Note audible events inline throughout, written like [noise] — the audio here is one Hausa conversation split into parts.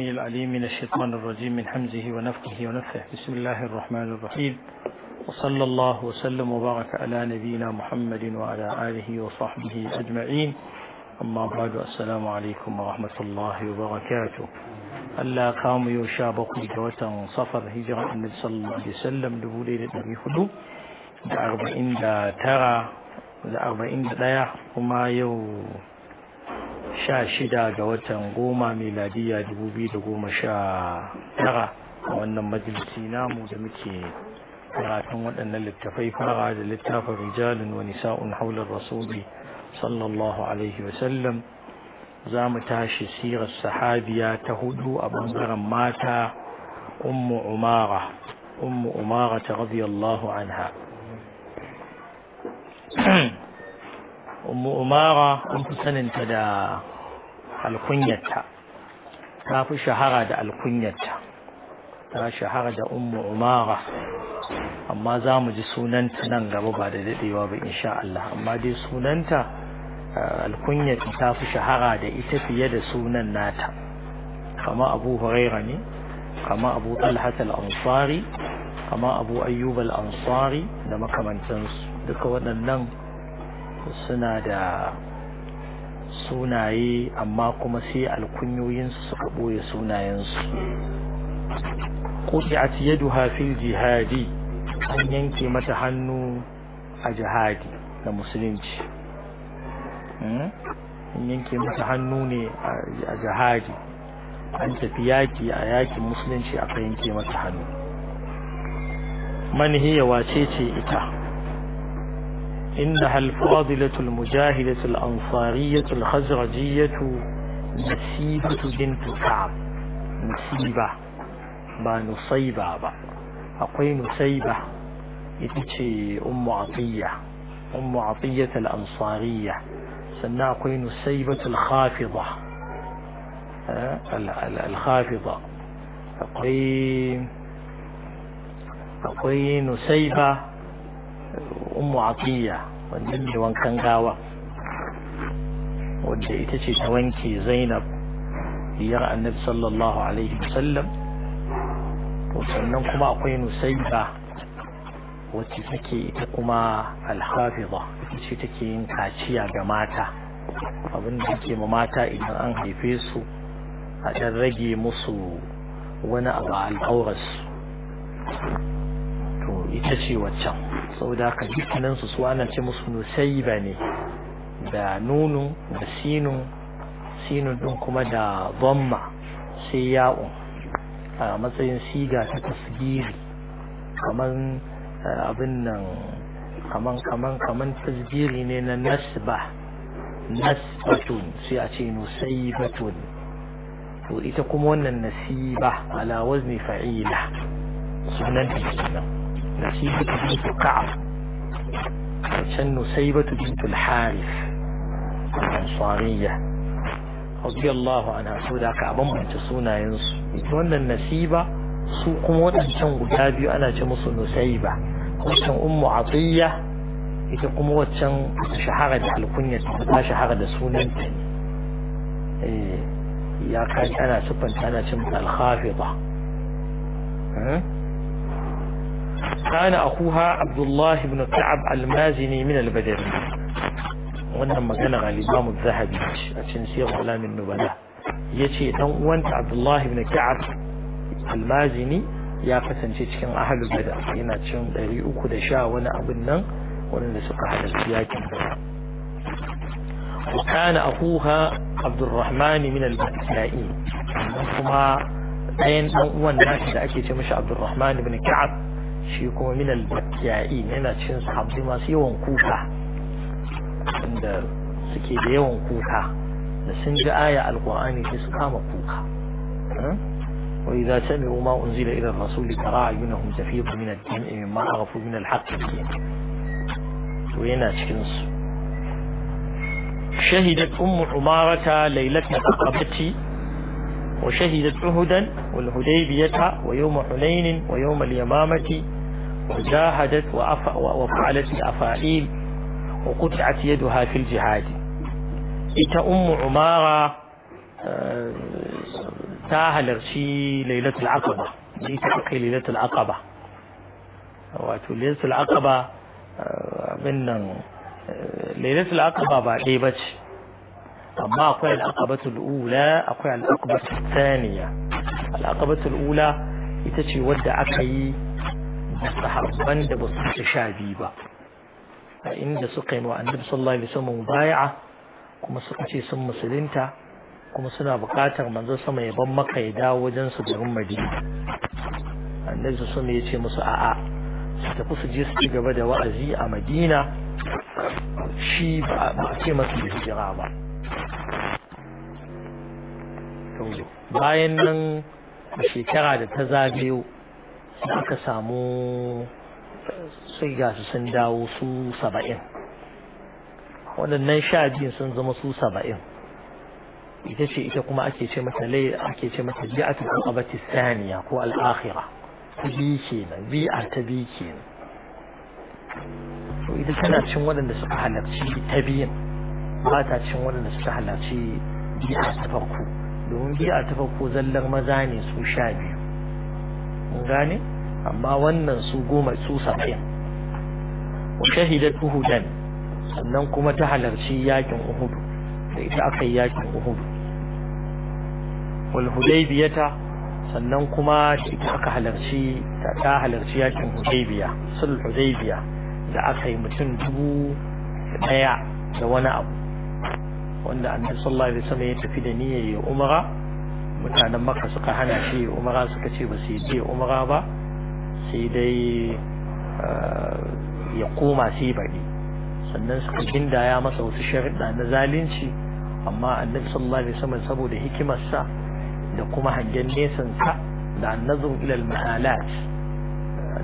السميع العليم من الشيطان الرجيم من حمزه ونفخه ونفخه بسم الله الرحمن الرحيم وصلى الله وسلم وبارك على نبينا محمد وعلى آله وصحبه أجمعين أما بعد السلام عليكم ورحمة الله وبركاته ألا قام يشابق جوة صفر هجرة النبي صلى الله عليه وسلم لبولي للنبي خدو da arba'in da tara da arba'in da ɗaya kuma yau sha shida ga watan goma miladiya dubu biyu da goma sha tara a wannan majalisi namu da muke karatun waɗannan littafai fara da littafin rijalin wani sa'un haular rasuli sallallahu alaihi wasallam za mu tashi sirar sahabiya ta hudu a ɓangaren mata ummu umara ummu umara ta radiyallahu anha [clears throat] ummu umara an fi saninta da alkunyarta ta fi shahara da alkunyarta ta shahara da ummu umara amma za mu ji sunanta nan gaba ba da daɗewa ba insha Allah amma dai sunanta eh, alkunyarta ta fi shahara da ita fiye da sunan nata kama abu huraira ne kama abu talhat ansari kama abu ayyubal ansari da makamantansu duka waɗannan suna da sunaye amma kuma sai alkunyoyinsu a ɓoye sunayensu kuɗi a ciye duha fil jihadi an yanke mata hannu a jihadi na musulunci hmm? an yanke mata hannu ne a jihadi an tafi yaki a yakin musulunci aka yanke mata hannu manhiya wace ce ita إنها الفاضلة المجاهدة الأنصارية الخزرجية نسيبة بنت كعب نسيبة با نصيبة با أقوي نسيبة يتشي أم عطية أم عطية الأنصارية سنة أقوي نسيبة الخافضة الخافضة أقوي أقوي نسيبة أم عطية wannan mai wankan gawa wadda ita ce ta wanke zainab biyar annabi sallallahu alaihi wasallam to sannan kuma akwai nusaiba wacce take ita kuma alhafiza ita ce take yin kaciya ga mata abinda ke ma mata idan an haife su a ɗan rage musu wani abu a al'aurarsu ita ce waccan saboda haka dukkanin su su ana ce musu ba ne da nunu da sinu sinu ɗin kuma da bomma sai ya'u a matsayin siga ta tasgiri kaman eh, abin nan kaman kaman kamar tasgiri ne na nasba nasbatun sai a ce nusaybatun to ita kuma wannan nasiba ala wazni fa'ila sunan ta kenan نسيبة بنت كعب وشن نسيبة بنت الحارث الأنصارية رضي الله عنها سودا كعبان بنت سونا ينسو يتوانا النسيبة سوق موتا شن غدابي أنا جمس نسيبة وشن أم عطية ita kuma waccan shahara da alkunyar ta shahara da sunanta ne ya kaji ana siffanta ana cin alkhafida كان أخوها عبد الله بن كعب المازني من البدر wannan magana ga Zahabi a cikin Sirr Alamin Nubala yace dan uwanta abdullahi ibn Ka'ab Al-Mazini ya kasance cikin ahlul bada yana cikin 310 wani abin nan wanda suka halarci yakin bada وكان أخوها عبد الرحمن من البدائي kuma ɗayan ɗan uwan nashi da ake ce mashi Abdulrahman ibn Ka'ab shi kuma minal bakiya'i yana cin sabbi masu yawan kuka inda suke da yawan kuka da sun ji aya alkur'ani sai su kama kuka وإذا سمعوا ما أنزل إلى الرسول ترى أعينهم تفيض من الدمع مما عرفوا من الحق وينا تشكنس شهدت أم عمارة ليلة العقبة وشهدت عهدا والهديبية ويوم حنين ويوم اليمامة وجاهدت وفعلت الافاعيل وقطعت يدها في الجهاد إتا أم عمارة آه، تاها لغشي ليلة العقبة ليس أخي ليلة العقبة واتو ليلة العقبة آه، من آه، ليلة العقبة بعد ليبتش أما أقوي العقبة الأولى أقوي العقبة الثانية العقبة الأولى إتشي ودع أكيي sahabban da ba su sha biyu ba a inda suka yi wa annabi sallallahu alaihi wasallam bai'a kuma suka ce sun musulunta kuma suna buƙatar manzon sama ya ban maka ya dawo wajen su garin Madina annabi sallallahu ya ce musu a'a su tafi su je su ci gaba da wa'azi a Madina shi ba a ce masu hijira ba bayan nan a shekara da ta zagayo da aka samu sai ga su sun dawo su saba'in waɗannan sha biyun sun zama su saba'in ita ce ita kuma ake ce mata lai ake ce mata bi'atu al-qabati thaniya ko al-akhirah bi kenan bi'a ta bi kenan to ita tana cin waɗanda suka halarci ta biyan ba ta cin waɗanda suka halarci bi'a ta farko domin bi'a ta farko zallar maza ne su sha biyu mun gane amma wannan su goma su saba'in wa uhudan sannan kuma ta halarci yakin uhudu da ita aka yi yakin uhudu wal sannan kuma da ita aka halarci ta halarci yakin hudaibiya sulh hudaybiya da aka yi mutum dubu daya da wani abu wanda annabi sallallahu alaihi wasallam ya tafi da niyyar umara mutanen makka suka hana shi umara suka ce ba su yi umara ba sai dai eh, ya koma sai bari sannan suka gindaya masa wasu sharuɗa na zalunci amma annabi sallallahu alaihi wasallam saboda hikimarsa da kuma hangen nesan sa da annazur ila maalat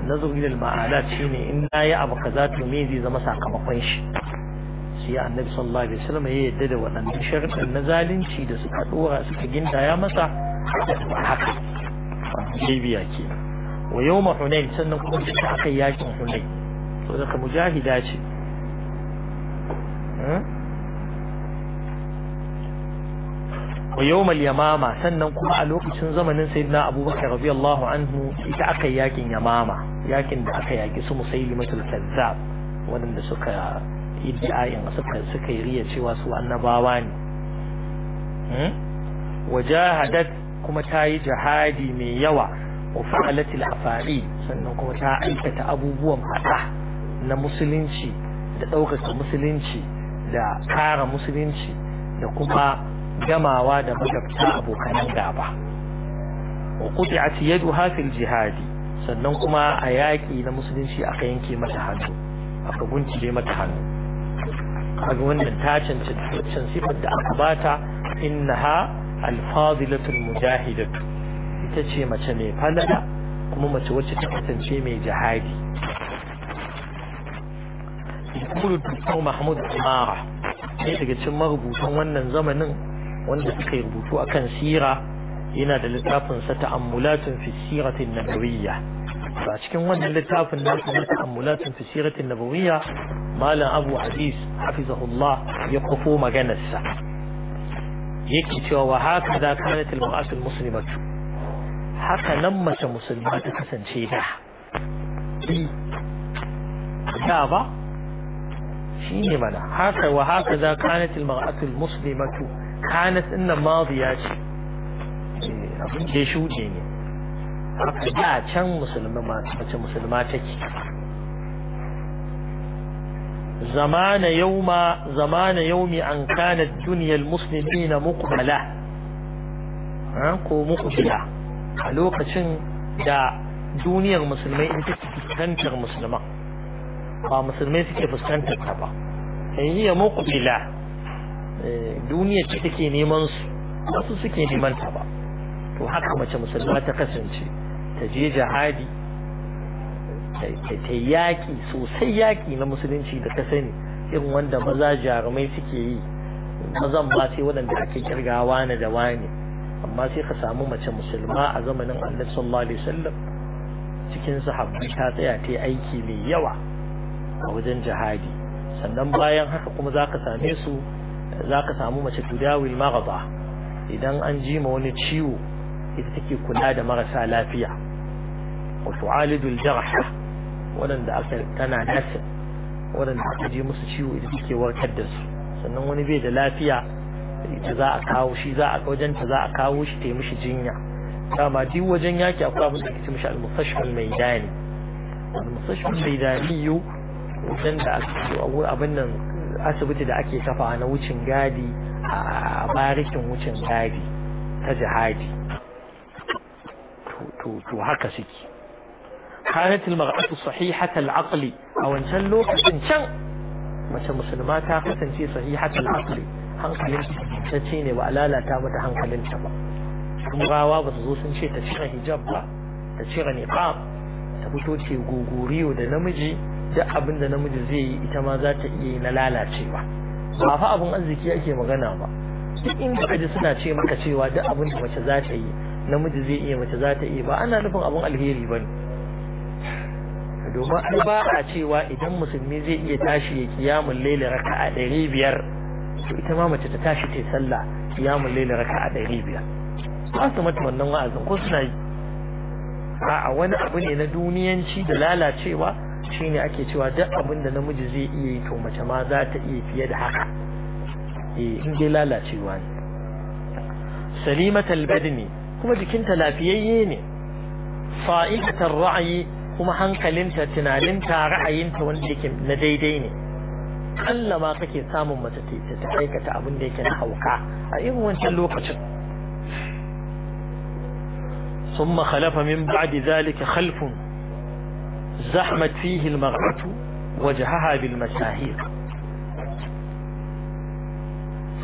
annazur ila maalat shine in nayi abu kaza to me zai zama sakamakon shi sai annabi sallallahu alaihi wasallam ya yadda da waɗannan sharuɗan na zalunci da suka dora suka gindaya masa haka bibiya kenan wa yau sannan kuma da aka yakin hunai, to daga mujahida ce hmm? wa yau yamama sannan kuma a lokacin zamanin sai na abubakar rabi Allahu anhu ita aka yakin yamama yakin da aka yaki su musaili matul kazzab waɗanda suka iddiayin suka suka yi riya cewa su annabawa ne hmm? wajahadat kuma ta yi jihadi mai yawa sannan kuma ta aikata abubuwan أبوبوم na musulunci, da ɗaukaka musulunci da kara musulunci da kuma gamawa da magabta abokanan gaba wa quti'at yaduha fil jihadi sannan kuma a yaƙi na musulunci aka yanke mata hannu aka guntule mata hannu kaga wannan ta cancanci da aka bata innaha alfazilatul mujahidatu ita ce mace mai falala kuma mace wacce ta kasance mai jihadi Kudu Dukkan Mahmud Umara ne daga cikin marubutan wannan zamanin wanda suka yi rubutu akan sira yana da littafin sa ta'ammulatun fi siratin nabawiyya a cikin wannan littafin na su ta'ammulatun fi siratin nabawiyya malam Abu Aziz hafizahullah ya kufo maganarsa yake cewa wa haka da kanat muasil muslimatu haka nan mace musulma ta kasance da da ba shi ne mana haka wa haka za kanat al-mar'atu muslimatu kanat inna madiya ce abin da shuɗe ne haka da can musulma mace musulma take زمان يوم زمان يوم أن كانت دنيا المسلمين مقبلة ها كو مقبلة a lokacin da duniyar musulmai in take fuskantar musulman ba musulmai suke fuskantar ta ba sai ya muqbila eh, duniyar ce take neman su wasu suke neman ta ba to haka mace musulma ta kasance ta je jihadi ta yaƙi sosai yaƙi na musulunci da ta sani irin wanda maza jarumai suke yi mazan ba sai waɗanda ake kirgawa na da wani amma sai ka samu mace musulma a zamanin allah sallallahu alaihi wasallam cikin sahabbai ta tsaya ta yi aiki mai yawa a wajen jihadi sannan bayan haka kuma ka same su zaka samu mace tudawil maraba idan an ji ma wani ciwo ita take kula da marasa lafiya wa tu'alidul jarha wadanda aka tana nasa wadanda aka ji musu ciwo ita take warkar da su sannan wani bai da lafiya za a kawo shi za a wajen ta za a kawo shi ta yi mishi jinya dama duk wajen yaki akwai abin da kace mishi al-mustashfal maidani al-mustashfal maidani wajen da aka abin nan asibiti da ake kafa na wucin gadi a barikin wucin gadi ta jihadi to haka suke كانت المرأة صحيحة العقل أو إن شاء الله كان mace musulma ta kasance sahihatul aqli hankalin ta ce ne ba a lalata mata ta ba turawa ba su zo sun ce ta cire hijab ba ta cire niqab ta fito ce gogoriyo da namiji da abin da namiji zai yi ita ma za ta iya yi na lalacewa ba fa abin arziki ake magana ba duk inda kaji suna ce maka cewa duk abin da mace za ta yi namiji zai iya mace za ta iya ba ana nufin abin alheri ba ne domin ai ba a cewa idan musulmi zai iya tashi ya kiyamun laila raka'a ɗari biyar to ita ma mace ta tashi ta sallah qiyamul layl raka'a ɗari biyar ba su mata wannan wa'azin ko suna yi a wani abu ne na duniyanci da lalacewa shine ake cewa duk abin da namiji zai iya yi to mace ma za ta iya fiye da haka eh in dai lalacewa ne salimatal badni kuma jikinta lafiyayye ne fa'idatar ra'ayi kuma hankalinta tunaninta ra'ayinta wanda yake na daidai ne aƙalla ma kake samun mace ta aikata abin da yake na hauka a irin wancan lokacin ثم خلف من بعد ذلك خلف زحمت فيه المرأة وجهها بالمساهيق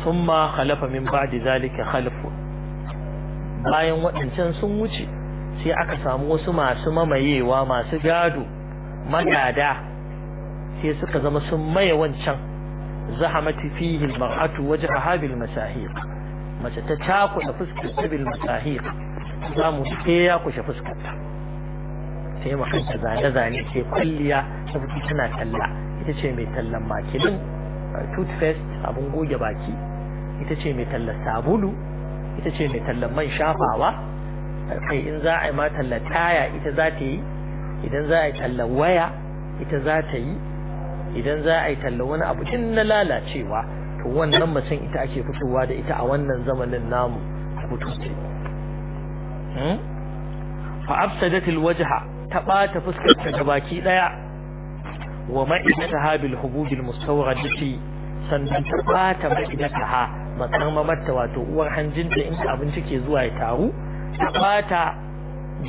ثم خلف من بعد ذلك خلف bayan waɗancan sun wuce sai aka samu wasu masu mamayewa masu gado magada sai suka zama sun maye wancan zahamati fihi almar'atu wajhaha bil masahiq mace ta cakuɗa fuskar ta masahiq za mu ke ya kushe fuskar ta sai makanta zane zane ke kwalliya ta fito tana talla ita ce mai tallan makilin toothpaste abun goge baki ita ce mai tallan sabulu ita ce mai tallan man shafawa kai in za a yi ma talla taya ita za ta yi idan za a yi tallar waya ita za ta yi idan za a yi talla wani abu din na lalacewa to wannan macen ita ake fitowa da ita a wannan zamanin namu fito ce hmm? fa afsadat alwajha ta bata fuskar ta baki daya wa ma'idataha bil hubub mustawradati sannan ta bata wato uwar hanjinta in abinci ke zuwa ya taru ta bata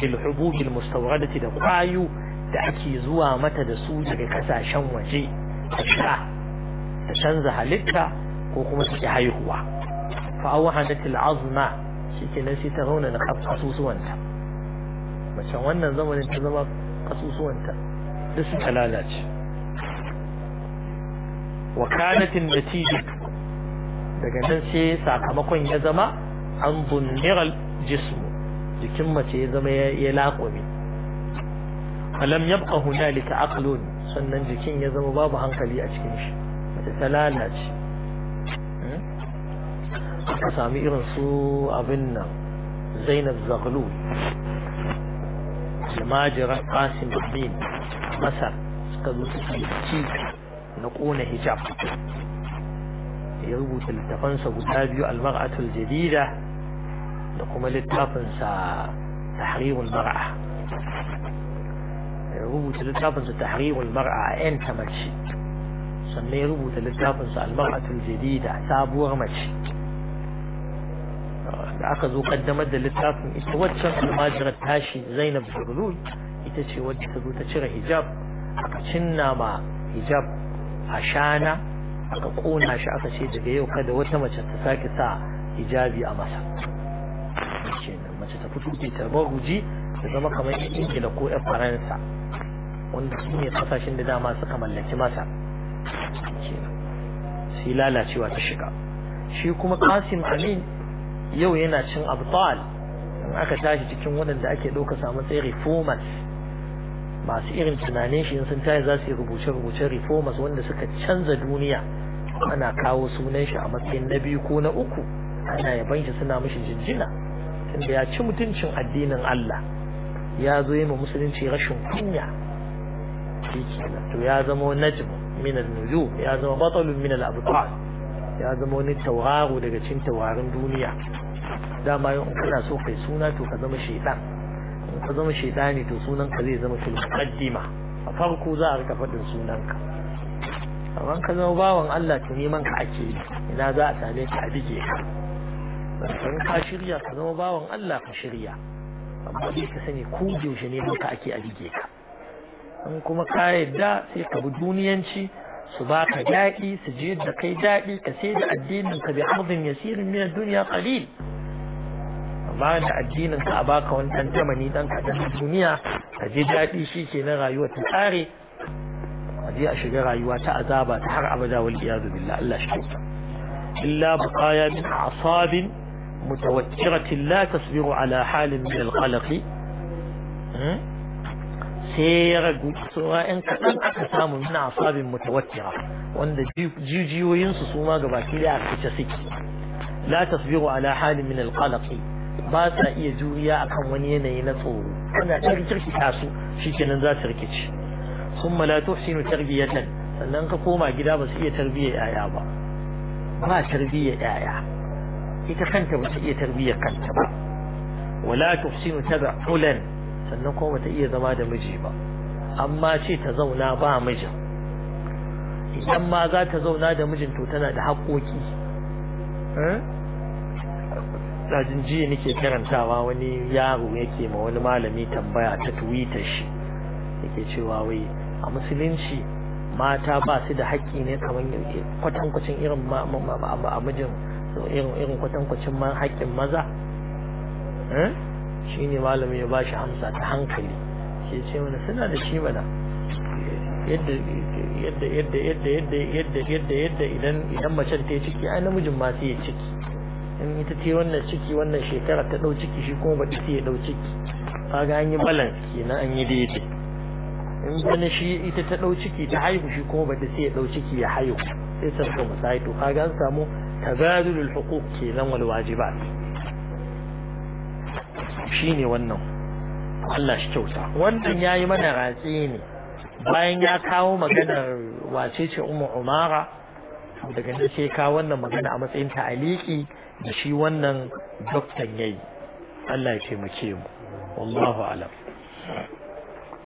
bil hububil mustawradati da kwayu da ake zuwa mata da su daga kasashen waje ta sha ta canza halitta ko kuma ta ki haihuwa fa shi ke nan sai ta zauna na kasusuwanta mace wannan zamanin ta zama kasusuwanta duk ta lalace wa kanatin natija daga nan sai sakamakon ya zama an bunniral jismu jikin mace ya zama ya laƙwame فلم يبقى هنالك عقل sannan jikin ya zama babu hankali a cikin shi ta lalace aka sami irin su abin nan zainab zaglul almajiran qasim bin masar suka zo suke ci na kona hijab ya rubuta littafansa guda biyu almar'atul jadida da kuma littafinsa tahrirul mar'a rubuta littafinsa tahrirul mar'a a yanta mace sannan ya rubuta littafinsa al-mar'atul jadida sabuwar mace da aka zo kaddamar da littafin ita waccan almajirar tashi Zainab Zurlul ita ce wacce ta zo ta cire hijab aka cinna ma hijab a shana aka kona shi aka ce daga yau kada wata mace ta sake sa hijabi a masa mace ta fito ta ruji ta zama kamar ingila ko yan faransa wanda su ne kasashen da dama suka mallaki masa sai lalacewa ta shiga shi kuma kasim amin yau yana cin abdal in aka tashi cikin waɗanda ake ɗauka samu matsayin reformers masu irin tunanin shi sun tayi za su yi rubuce-rubuce reformers wanda suka canza duniya ana kawo sunan shi a matsayin na biyu ko na uku ana yaban shi suna mashi jinjina tunda ya ci mutuncin addinin Allah ya zo yi ma musulunci rashin kunya to ya zama najm min al-nujum ya zama batalun min al-abtal ya zama wani tauraro daga cikin taurarin duniya dama in kana so kai suna to ka zama shaytan in ka zama shaytani to sunan ka zai zama fil muqaddima a farko za a rika faɗin sunanka amma ka zama bawan Allah to neman ka ake yi ina za a same ka a bige ka in ka shirya ka zama bawan Allah ka shirya amma ka sani ko yaushe ne ka ake a bige ka in kuma ka yadda sai ka bi duniyanci su ba ka daɗi su je da kai daɗi ka sai da addinin ka bi arzin yasirin min dunya qalil amma da addinin ka a baka wani dan tamani dan ka kaɗan duniya ka je daɗi shi ke na rayuwa ta tsare a je a shiga rayuwa ta azaba ta har abada wal iyadu billah Allah shi kyauta illa buqaya min asabin mutawakkiratin la tasbiru ala halin min al-qalaqi sai ya ragu tsora yan kaɗan aka samu na asabin mutawattira wanda jijiyoyinsu su ma gabaki da aka ce suke la tasbiru ala halin min alqalaqi ba sa iya juriya akan wani yanayi na tsoro ana ɗan rikirki ta su shikenan za su rikici Sun summa la tuhsinu tarbiyatan sannan ka koma gida ba su iya tarbiyyar yaya ba ba tarbiyyar yaya ita kanta ba su iya tarbiyyar kanta ba wala tuhsinu tab'ulan sannan kuma bata iya zama da miji ba amma ce ta zauna ba mijin idan ma za ta zauna da mijin to tana da haƙoƙi ɗajin eh? jiya nake karantawa wani yaro yake ma wani malami tambaya ta tuwita shi yake cewa wai a musulunci mata ba su da haƙƙi ne kamar kwatankwacin irin a mijin irin kwatankwacin haƙƙin maza eh? shine malami ya bashi amsa ta hankali shi ce mana suna da shi mana yadda yadda yadda yadda yadda yadda yadda idan idan macen ta yi ciki ai namijin ma sai ya ciki in ita yi wannan ciki wannan shekara ta dau ciki shi kuma ba sai ya dau ciki kaga an yi balance kenan an yi daidai in gani shi ita ta dau ciki ta haihu shi kuma ba sai ya dau ciki ya haihu sai sarka musai to kaga an samu tabadulul huquq kenan wal wajibat shine wannan Allah shi kyauta wannan yayi mana ratse ne bayan ya kawo maganar wace ce Ummu Umara daga nan sai ka wannan magana a matsayin ta aliki da shi wannan doktan yayi Allah ya taimake mu wallahu alam